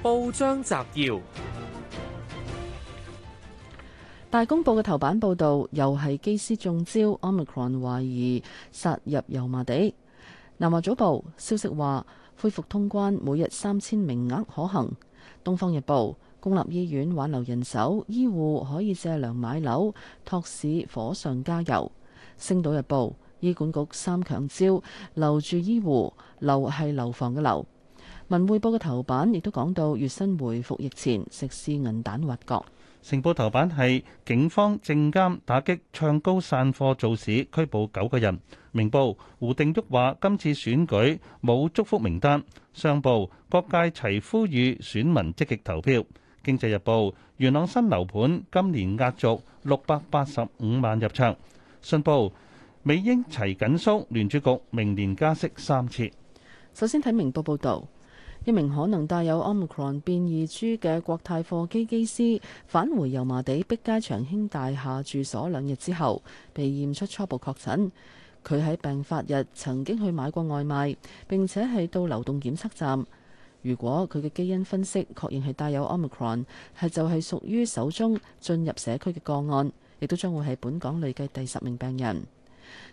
報章摘要：大公報嘅頭版報道，又係機師中招，Omicron 懷疑殺入油麻地。南華早報消息話，恢復通關每日三千名額可行。東方日報公立醫院挽留人手，醫護可以借糧買樓，托市火上加油。星島日報醫管局三強招留住醫護，樓係樓房嘅樓。文匯報嘅頭版亦都講到月薪回復疫前，食肆銀彈挖角。成報頭版係警方證監打擊唱高散貨造市，拘捕九個人。明報胡定旭話今次選舉冇祝福名單。商報各界齊呼籲選民積極投票。經濟日報元朗新樓盤今年壓軸六百八十五萬入場。信報美英齊緊縮聯儲局明年加息三次。首先睇明報報道。一名可能帶有 omicron 變異株嘅國泰貨機機師返回油麻地碧街長興大廈住所兩日之後，被驗出初步確診。佢喺病發日曾經去買過外賣，並且係到流動檢測站。如果佢嘅基因分析確認係帶有 omicron，係就係屬於首宗進入社區嘅個案，亦都將會係本港累計第十名病人。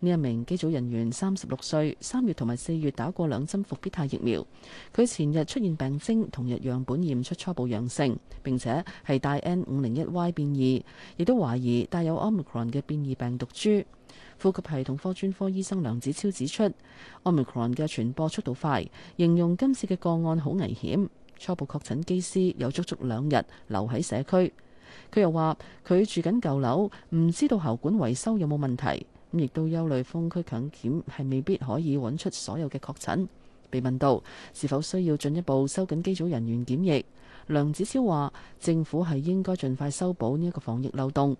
呢一名機組人員三十六歲，三月同埋四月打過兩針伏必泰疫苗。佢前日出現病徵，同日樣本驗出初步陽性，並且係帶 N 五零一 Y 變異，亦都懷疑帶有 omicron 嘅變異病毒株。呼吸系統科專科醫生梁子超指出，omicron 嘅傳播速度快，形容今次嘅個案好危險。初步確診機師有足足兩日留喺社區。佢又話佢住緊舊樓，唔知道喉管維修有冇問題。咁亦都憂慮封區強檢係未必可以揾出所有嘅確診。被問到是否需要進一步收緊機組人員檢疫，梁子超話：政府係應該盡快修補呢一個防疫漏洞。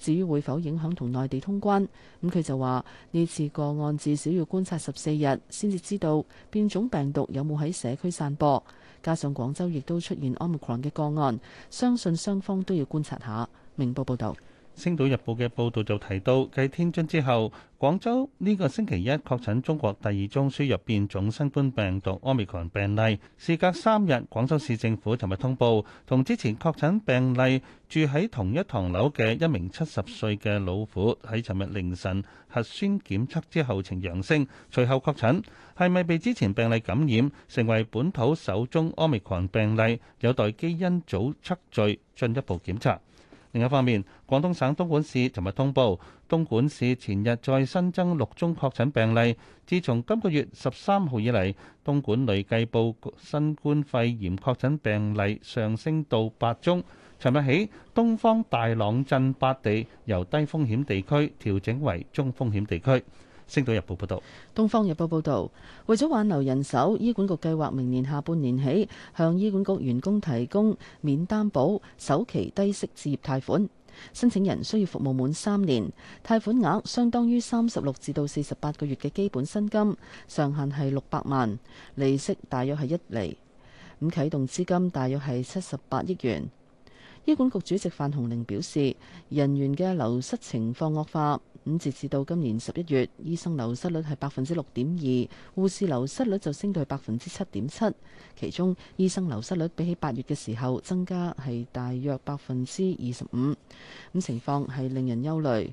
至於會否影響同內地通關，咁佢就話：呢次個案至少要觀察十四日先至知道變種病毒有冇喺社區散播。加上廣州亦都出現 Omicron 嘅個案，相信雙方都要觀察下。明報報道。《星島日報》嘅報導就提到，繼天津之後，廣州呢個星期一確診中國第二宗輸入變種新冠病毒奧密克戎病例。事隔三日，廣州市政府尋日通報，同之前確診病例住喺同一堂樓嘅一名七十歲嘅老婦喺尋日凌晨核酸檢測之後呈陽性，隨後確診。係咪被之前病例感染，成為本土首宗奧密克戎病例？有待基因組測序進一步檢查。另一方面，廣東省東莞市尋日通報，東莞市前日再新增六宗確診病例。自從今個月十三號以嚟，東莞累計報告新冠肺炎確診病例上升到八宗。尋日起，東方大朗鎮八地由低風險地區調整為中風險地區。星島日報報道，東方日報報道，為咗挽留人手，醫管局計劃明年下半年起向醫管局員工提供免擔保首期低息置業貸款。申請人需要服務滿三年，貸款額相當於三十六至到四十八個月嘅基本薪金，上限係六百萬，利息大約係一厘。咁啟動資金大約係七十八億元。醫管局主席范鴻齡表示，人員嘅流失情況惡化。咁截至到今年十一月，醫生流失率係百分之六點二，護士流失率就升到百分之七點七，其中醫生流失率比起八月嘅時候增加係大約百分之二十五，咁情況係令人憂慮。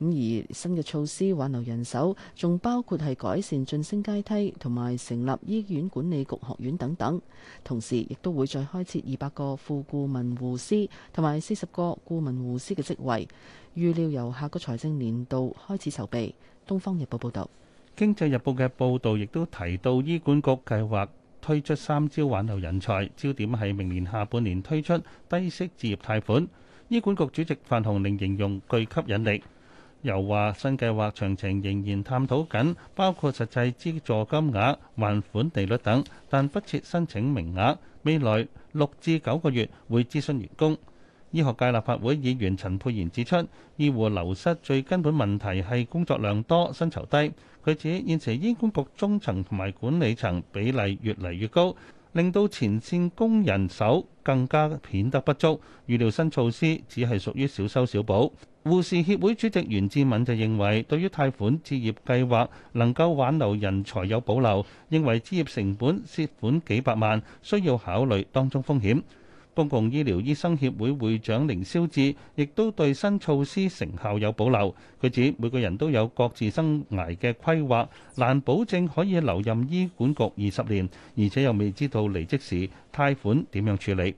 咁而新嘅措施挽留人手，仲包括係改善晉升階梯，同埋成立醫院管理局學院等等。同時亦都會再開設二百個副顧問護師同埋四十個顧問護師嘅職位，預料由下個財政年度開始籌備。東方日報報道，經濟日報嘅報道亦都提到，醫管局計劃推出三招挽留人才，焦點係明年下半年推出低息置業貸款。醫管局主席范鴻齡形容具吸引力。又話新計劃詳情仍然探討緊，包括實際資助金額、還款利率等，但不設申請名額。未來六至九個月會諮詢員工。醫學界立法會議員陳沛然指出，醫護流失最根本問題係工作量多、薪酬低。佢指現時醫管局中層同埋管理層比例越嚟越高。令到前線工人手更加顯得不足，預料新措施只係屬於小修小補。護士協會主席袁志敏就認為，對於貸款置業計劃能夠挽留人才有保留，認為置業成本涉款幾百萬，需要考慮當中風險。公共醫療醫生協會會長凌霄志亦都對新措施成效有保留。佢指每個人都有各自生涯嘅規劃，難保證可以留任醫管局二十年，而且又未知道離職時貸款點樣處理。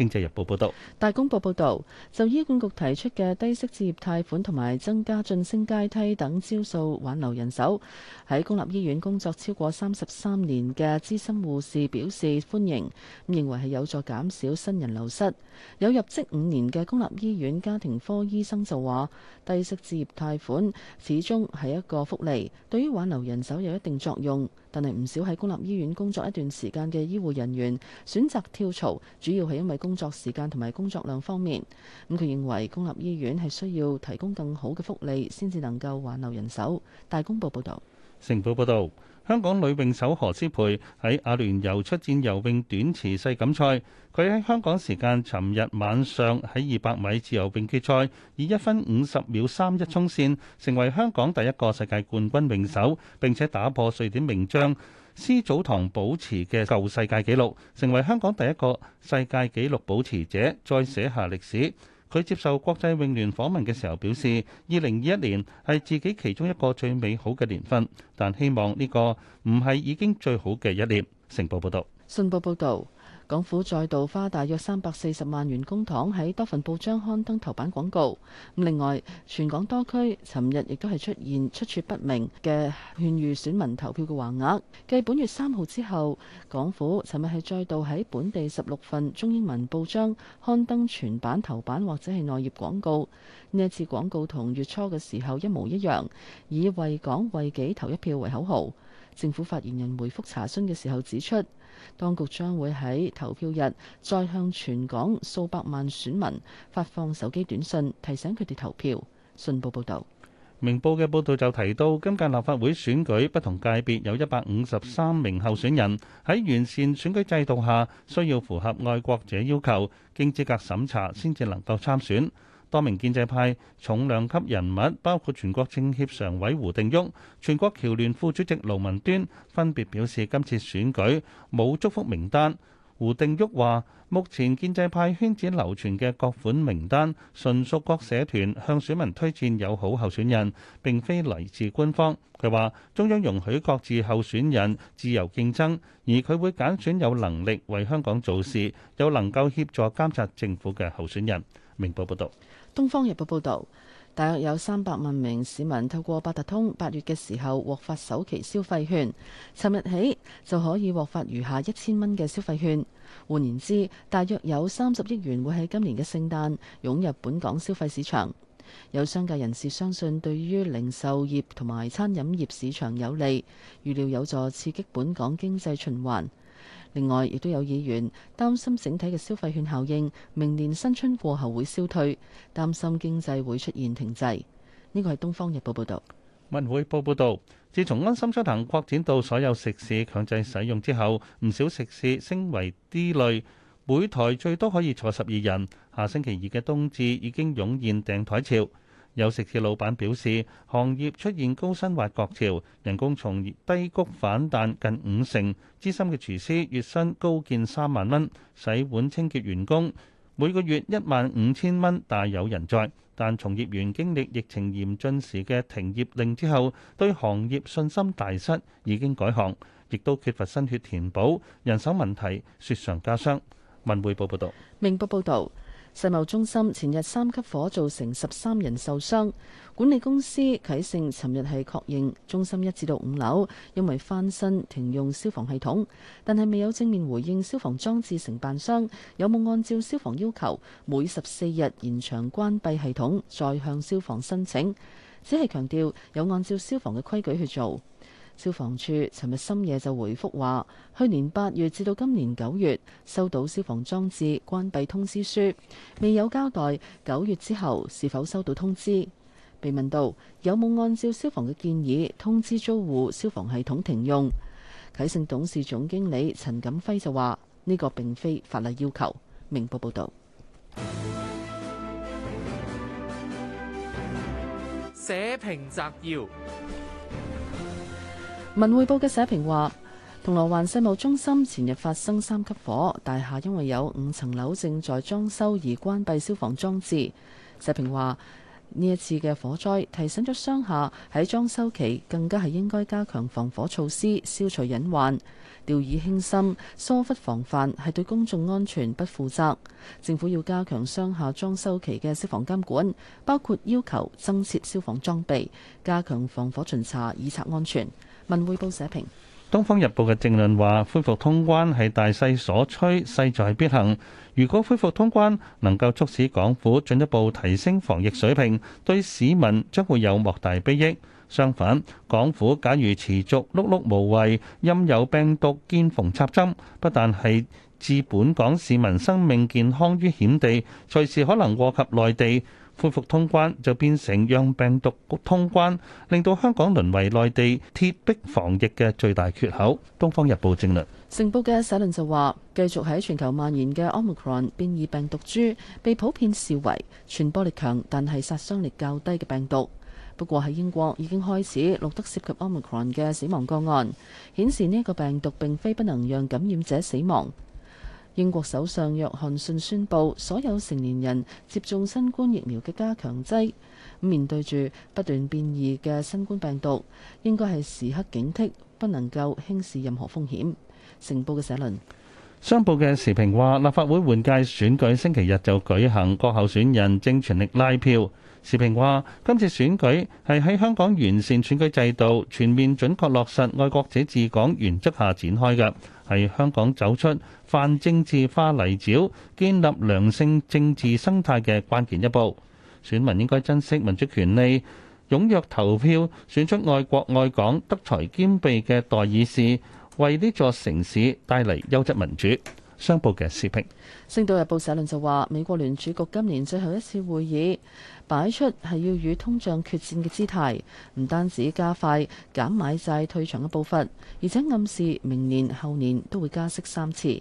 經濟日報報道，大公報報道，就醫管局提出嘅低息置業貸款同埋增加晉升階梯等招數挽留人手，喺公立醫院工作超過三十三年嘅資深護士表示歡迎，咁認為係有助減少新人流失。有入職五年嘅公立醫院家庭科醫生就話，低息置業貸款始終係一個福利，對於挽留人手有一定作用。但係唔少喺公立醫院工作一段時間嘅醫護人員選擇跳槽，主要係因為工工作時間同埋工作量方面，咁佢認為公立醫院係需要提供更好嘅福利，先至能夠挽留人手。大公報報道。成報報導。香港女泳手何詩蓓喺阿聯酋出戰游泳短池世錦賽，佢喺香港時間尋日晚上喺二百米自由泳決賽，以一分五十秒三一沖線，成為香港第一個世界冠軍泳手，並且打破瑞典名將斯祖堂保持嘅舊世界紀錄，成為香港第一個世界紀錄保持者，再寫下歷史。佢接受國際泳聯訪問嘅時候表示，二零二一年係自己其中一個最美好嘅年份，但希望呢個唔係已經最好嘅一年。成報報道。信報報導。港府再度花大約三百四十萬元公帑喺多份報章刊登頭版廣告。另外，全港多區尋日亦都係出現出處不明嘅勸喻選民投票嘅橫額。繼本月三號之後，港府尋日係再度喺本地十六份中英文報章刊登全版頭版或者係內頁廣告。呢一次廣告同月初嘅時候一模一樣，以為港為己投一票為口號。政府發言人回覆查詢嘅時候指出，當局將會喺投票日再向全港數百萬選民發放手機短信，提醒佢哋投票。信報報道：明報嘅報導就提到，今屆立法會選舉不同界別有一百五十三名候選人喺完善選舉制度下，需要符合愛國者要求，經資格審查先至能夠參選。多名建制派重量級人物，包括全國政協常委胡定旭、全國僑聯副主席盧文端，分別表示今次選舉冇祝福名單。胡定旭話目前建制派圈子流傳嘅各款名單純屬各社團向選民推薦友好候選人，並非嚟自官方。佢話中央容許各自候選人自由競爭，而佢會揀選有能力為香港做事、又能夠協助監察政府嘅候選人。明報報導，東方日報報道，大約有三百萬名市民透過八達通，八月嘅時候獲發首期消費券，尋日起就可以獲發餘下一千蚊嘅消費券。換言之，大約有三十億元會喺今年嘅聖誕湧入本港消費市場。有商界人士相信，對於零售業同埋餐飲業市場有利，預料有助刺激本港經濟循環。另外，亦都有議員擔心整體嘅消費券效應，明年新春過後會消退，擔心經濟會出現停滯。呢個係《東方日報》報道。文匯報報道，自從安心出行擴展到所有食肆強制使用之後，唔少食肆升為 D 類，每台最多可以坐十二人。下星期二嘅冬至已經湧現訂台潮。有食肆老闆表示，行業出現高薪挖角潮，人工從業低谷反彈近五成。資深嘅廚師月薪高見三萬蚊，洗碗清潔員工每個月一萬五千蚊，大有人在。但從業員經歷疫情嚴峻時嘅停業令之後，對行業信心大失，已經改行，亦都缺乏新血填補，人手問題雪上加霜。文匯報報導，明報報導。世貿中心前日三級火造成十三人受傷，管理公司啟勝尋日係確認中心一至到五樓因為翻新停用消防系統，但係未有正面回應消防裝置承辦商有冇按照消防要求每十四日延長關閉系統再向消防申請，只係強調有按照消防嘅規矩去做。消防處尋日深夜就回覆話，去年八月至到今年九月收到消防裝置關閉通知書，未有交代九月之後是否收到通知。被問到有冇按照消防嘅建議通知租戶消防系統停用，啟勝董事總經理陳錦輝就話：呢、這個並非法例要求。明報報導。社評摘要。文匯報嘅社評話，銅鑼灣世貿中心前日發生三級火，大廈因為有五層樓正在裝修而關閉消防裝置。社評話，呢一次嘅火災提醒咗商廈喺裝修期更加係應該加強防火措施，消除隱患。掉以輕心，疏忽防範係對公眾安全不負責。政府要加強商廈裝修期嘅消防監管，包括要求增設消防裝備，加強防火巡查，以策安全。文匯報社評，《東方日報》嘅政論話：恢復通關係大勢所趨，勢在必行。如果恢復通關能夠促使港府進一步提升防疫水平，對市民將會有莫大裨益。相反，港府假如持續碌碌無為，陰有病毒見縫插針，不但係置本港市民生命健康於險地，隨時可能禍及內地。恢復通關就變成讓病毒通關，令到香港淪為內地鐵壁防疫嘅最大缺口。《東方日報》政論。成報嘅社論就話，繼續喺全球蔓延嘅 Omicron 變異病毒株，被普遍視為傳播力強但係殺傷力較低嘅病毒。不過喺英國已經開始錄得涉及 Omicron 嘅死亡個案，顯示呢個病毒並非不能讓感染者死亡。英國首相約翰遜宣布，所有成年人接種新冠疫苗嘅加強劑。面對住不斷變異嘅新冠病毒，應該係時刻警惕，不能夠輕視任何風險。成報嘅社論。商報嘅時評話，立法會換屆選舉星期日就舉行，各候選人正全力拉票。時評話，今次選舉係喺香港完善選舉制度、全面準確落實愛國者治港原則下展開嘅，係香港走出泛政治化泥沼、建立良性政治生態嘅關鍵一步。選民應該珍惜民主權利，踴躍投票，選出愛國愛港、德才兼備嘅代議士。為呢座城市帶嚟優質民主。商報嘅視頻，《星島日報》社論就話，美國聯儲局今年最後一次會議擺出係要與通脹決戰嘅姿態，唔單止加快減買債退場嘅步伐，而且暗示明年、後年都會加息三次。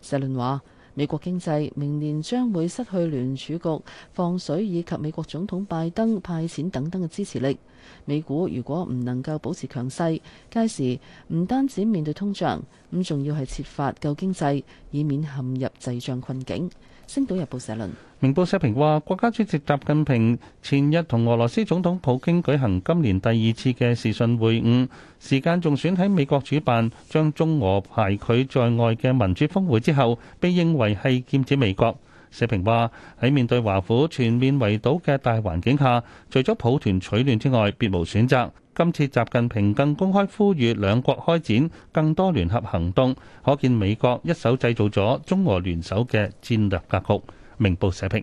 社論話。美國經濟明年將會失去聯儲局放水以及美國總統拜登派錢等等嘅支持力。美股如果唔能夠保持強勢，屆時唔單止面對通脹，咁仲要係設法救經濟，以免陷入滯脹困境。星島日報社論：明報社評話，國家主席習近平前日同俄羅斯總統普京舉行今年第二次嘅視訊會晤，時間仲選喺美國主辦，將中俄排拒在外嘅民主峰會之後，被認為係劍指美國。社評話：喺面對華府全面圍堵嘅大環境下，除咗抱團取暖之外，別無選擇。今次習近平更公開呼籲兩國開展更多聯合行動，可見美國一手製造咗中俄聯手嘅戰略格局。明報社評。